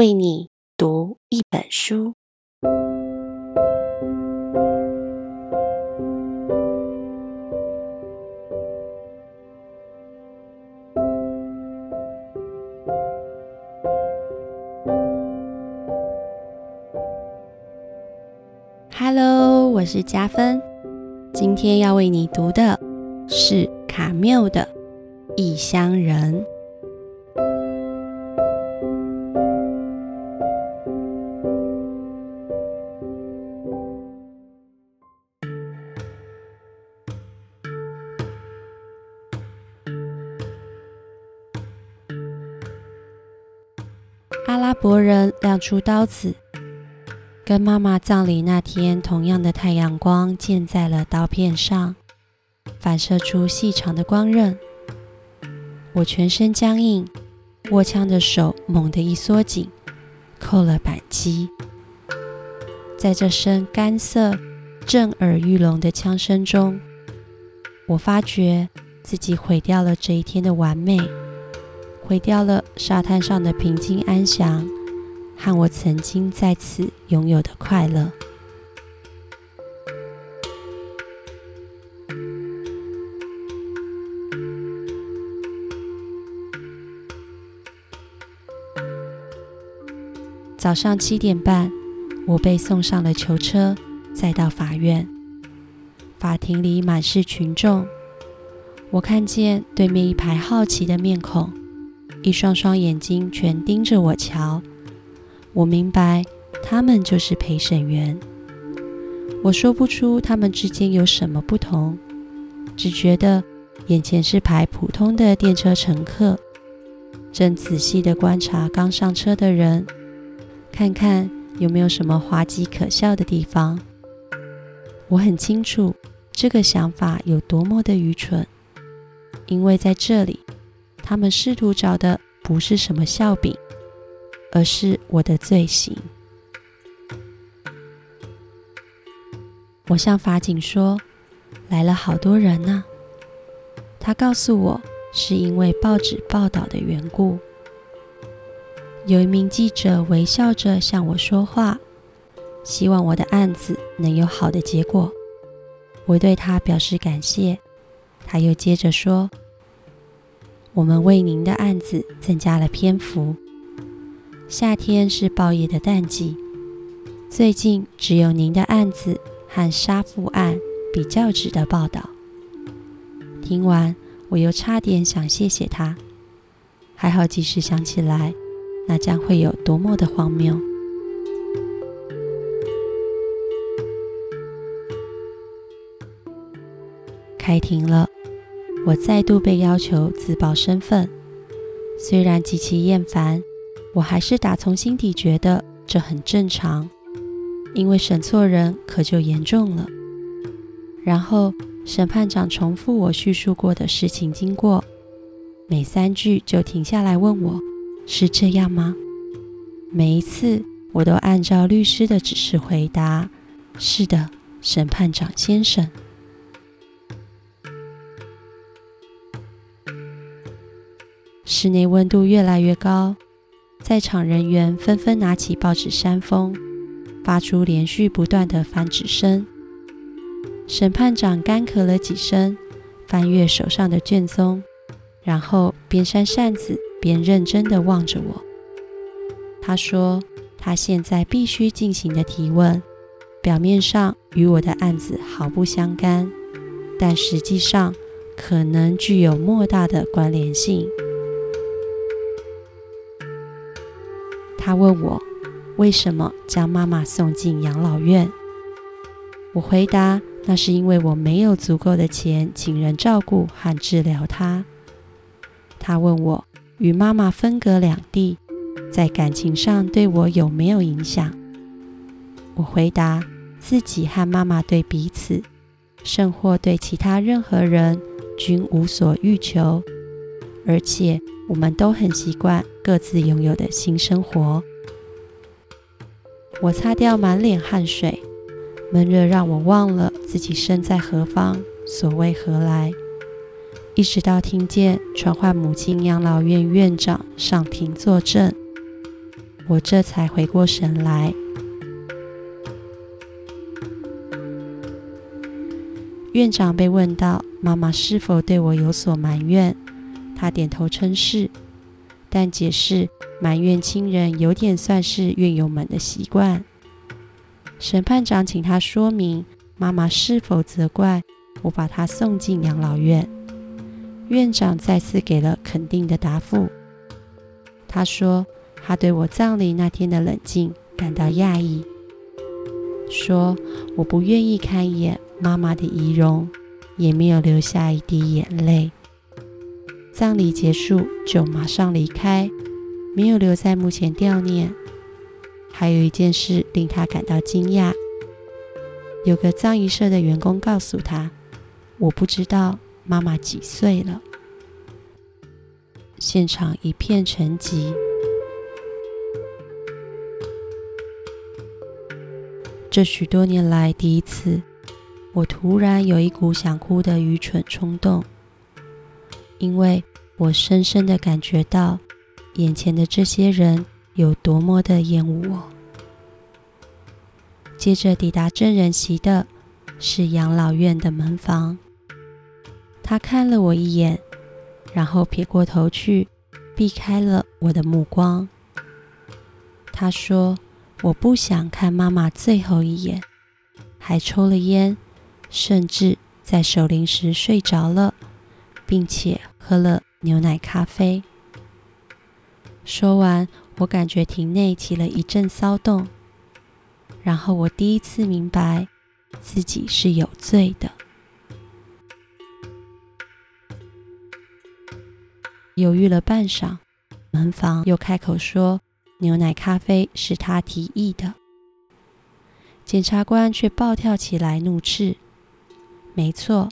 為你讀一本書。Hello，我是家芬，今天要為你讀的是卡繆的《異鄉人》。出刀子，跟媽媽葬禮那天同樣的太陽光濺在了刀片上，反射出細長的光刃。我全身僵硬，握槍的手猛地一縮緊，扣了扳機。在這聲乾澀、震耳欲聾的槍聲中，我發覺自己毀掉了這一天的完美，毀掉了沙灘上的平靜安詳。和我曾經在此擁有的快樂。早上七點半，我被送上了囚車，再到法院。法庭裡滿是群眾，我看見對面一排好奇的面孔，一雙雙眼睛全盯着我瞧。我明白，他們就是陪審員。我說不出他們之間有什麼不同，只覺得眼前是排普通的電車乘客，正仔細的觀察剛上車的人，看看有沒有什麼滑稽可笑的地方。我很清楚這個想法有多麼的愚蠢，因為在這裡，他們試圖找的不是什麼笑柄。而是我的罪行。我向法警說：“來了好多人呢。”他告訴我，是因為報紙報道的緣故。有一名記者微笑着向我說話，希望我的案子能有好的結果。我對他表示感謝。他又接着說：“我們為您的案子增加了篇幅。”夏天是報業的淡季，最近只有您的案子和殺父案比較值得報道。聽完，我又差點想謝謝他，還好及時想起來，那將會有多麼的荒謬。開庭了，我再度被要求自報身份，雖然極其厭煩。我還是打從心底覺得這很正常，因為審錯人可就嚴重了。然後審判長重複我敘述過的事情經過，每三句就停下來問我：“是這樣嗎？”每一次我都按照律師的指示回答：“是的，審判長先生。”室內溫度越來越高。在場人員紛紛拿起報紙扇風，發出連續不斷的翻紙聲。審判長乾咳了幾聲，翻閱手上的卷宗，然後邊扇扇子邊認真地望着我。他說：“他現在必須進行的提問，表面上與我的案子毫不相干，但實際上可能具有莫大的關聯性。”他問我為什麼將媽媽送進養老院，我回答那是因為我沒有足夠的錢請人照顧和治療她。他問我與媽媽分隔兩地，在感情上對我有沒有影響？我回答自己和媽媽對彼此，甚或對其他任何人，均無所欲求，而且。我們都很習慣各自擁有的新生活。我擦掉滿臉汗水，悶熱讓我忘了自己身在何方，所為何來。一直到聽見傳喚母親養老院院長上庭作證，我這才回過神來。院長被問到：“媽媽是否對我有所埋怨？”他點頭稱是，但解釋埋怨親人有點算是院友們的習慣。審判長請他說明媽媽是否責怪我把他送進養老院。院長再次給了肯定的答覆。他說他對我葬禮那天的冷靜感到訝異，說我不願意看一眼媽媽的遺容，也沒有流下一滴眼淚。葬禮結束就馬上離開，沒有留在墓前悼念。還有一件事令他感到驚訝，有個葬儀社的員工告訴他：“我不知道媽媽幾歲了。”現場一片沉寂。這許多年來第一次，我突然有一股想哭的愚蠢衝動，因為。我深深的感覺到，眼前的這些人有多麼的厭惡我。接着抵達證人席的是養老院的門房，他看了我一眼，然後撇過頭去，避開了我的目光。他說，我不想看媽媽最後一眼，還抽了煙，甚至在守靈時睡着了，並且喝了。牛奶咖啡。說完，我感覺庭內起了一陣騷動，然後我第一次明白自己是有罪的。猶豫了半晌，門房又開口說：“牛奶咖啡是他提議的。”檢察官卻暴跳起來怒斥：“沒錯，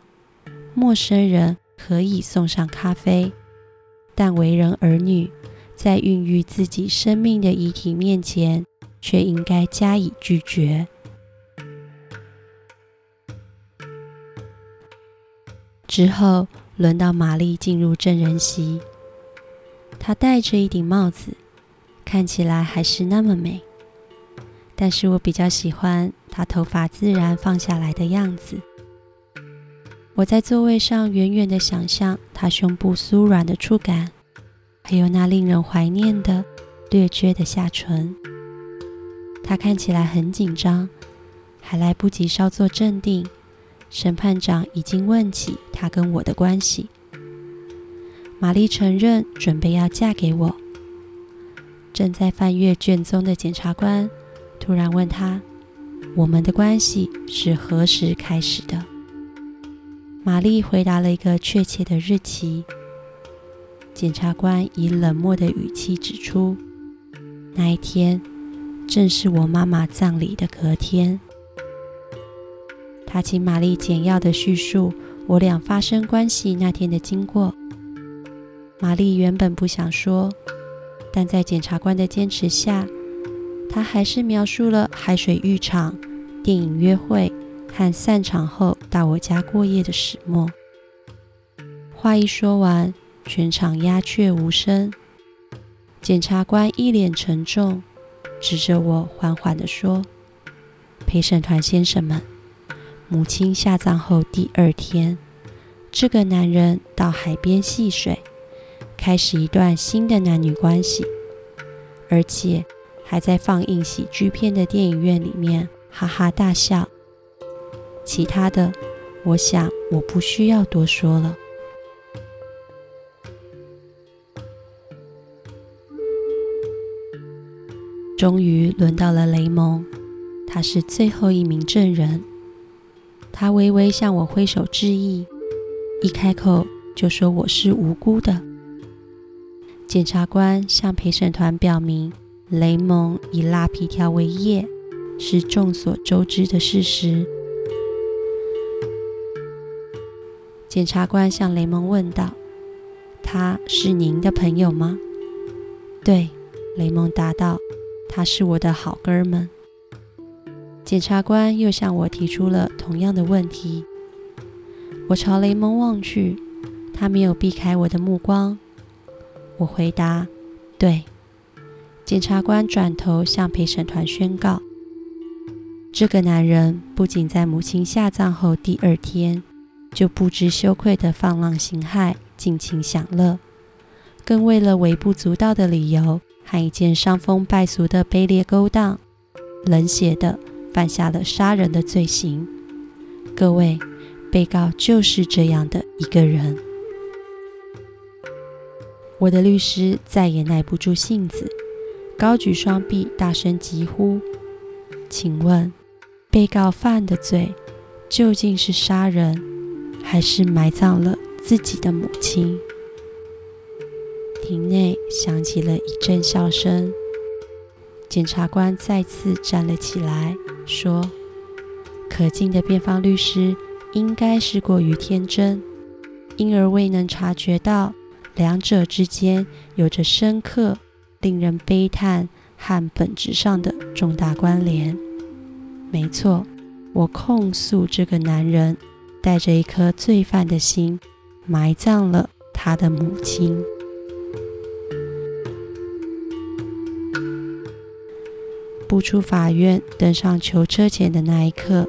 陌生人可以送上咖啡。”但為人兒女，在孕育自己生命的遺體面前，卻應該加以拒絕。之後，輪到瑪麗進入證人席，她戴着一頂帽子，看起來還是那麼美。但是我比較喜歡她頭髮自然放下來的樣子。我在座位上遠遠地想象她胸部酥軟的觸感，還有那令人懷念的略撅的下唇。她看起來很緊張，還來不及稍作鎮定，審判長已經問起她跟我的關係。瑪麗承認準備要嫁給我。正在翻閱卷宗的檢察官突然問她：“我們的關係是何時開始的？”瑪麗回答了一個確切的日期。檢察官以冷漠的語氣指出，那一天正是我媽媽葬禮的隔天。他請瑪麗簡要的敘述我倆發生關係那天的經過。瑪麗原本不想說，但在檢察官的堅持下，她還是描述了海水浴場、電影約會。看散場後到我家過夜的始末。話一說完，全場鴉雀無聲。檢察官一臉沉重，指着我緩緩地說：“陪審團先生們，母親下葬後第二天，這個男人到海邊戲水，開始一段新的男女關係，而且還在放映喜劇片的電影院裡面哈哈大笑。”其他的，我想我不需要多說了。終於輪到了雷蒙，他是最後一名證人。他微微向我揮手致意，一開口就說我是無辜的。檢察官向陪審團表明，雷蒙以拉皮條為業，是眾所周知的事實。檢察官向雷蒙問道：“他是您的朋友嗎？”“對。”雷蒙答道，“他是我的好哥們。”檢察官又向我提出了同樣的問題。我朝雷蒙望去，他沒有避開我的目光。我回答：“對。”檢察官轉頭向陪審團宣告：“這個男人不僅在母親下葬後第二天，”就不知羞愧的放浪形骸，盡情享樂，更為了微不足道的理由和一件傷風敗俗的卑劣勾當，冷血的犯下了殺人的罪行。各位，被告就是這樣的一個人。我的律師再也耐不住性子，高舉雙臂，大聲疾呼：“請問，被告犯的罪究竟是殺人？”還是埋葬了自己的母親？庭內響起了一陣笑聲。檢察官再次站了起來，說：“可敬的辯方律師，應該是過於天真，因而未能察覺到兩者之間有着深刻、令人悲嘆和本質上的重大關聯。沒錯，我控訴這個男人。”帶着一顆罪犯的心，埋葬了他的母親。步 出法院，登上囚車前的那一刻，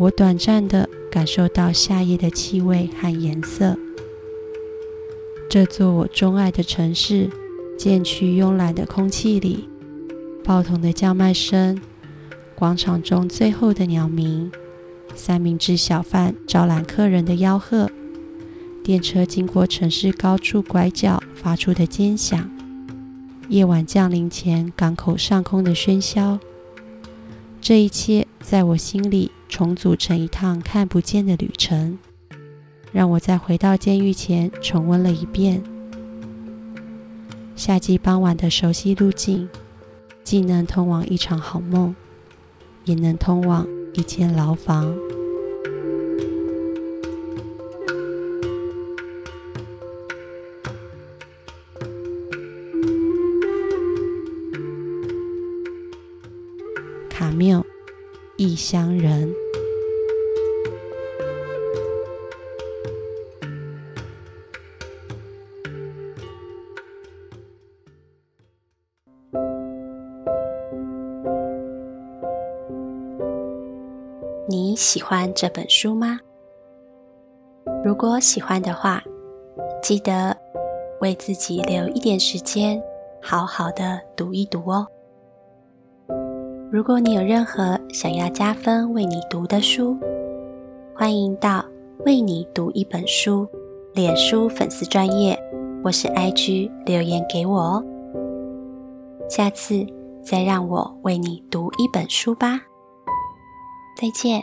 我短暫地感受到夏夜的氣味和顏色。這座我鍾愛的城市，漸趨慵懶的空氣裡，報童的叫賣聲，廣場中最後的鳥鳴。三明治小販招攬客人的吆喝，電車經過城市高處拐角發出的尖響，夜晚降臨前港口上空的喧囂，這一切在我心裡重組成一趟看不見的旅程，讓我在回到監獄前重溫了一遍。夏季傍晚的熟悉路徑，既能通往一場好夢，也能通往一間牢房。鄉人，你喜歡這本書嗎？如果喜歡的話，記得為自己留一點時間，好好的讀一讀哦。如果你有任何想要加分為你讀的書，歡迎到為你讀一本書臉書粉絲專頁，或是 IG 留言給我哦。下次再讓我為你讀一本書吧，再見。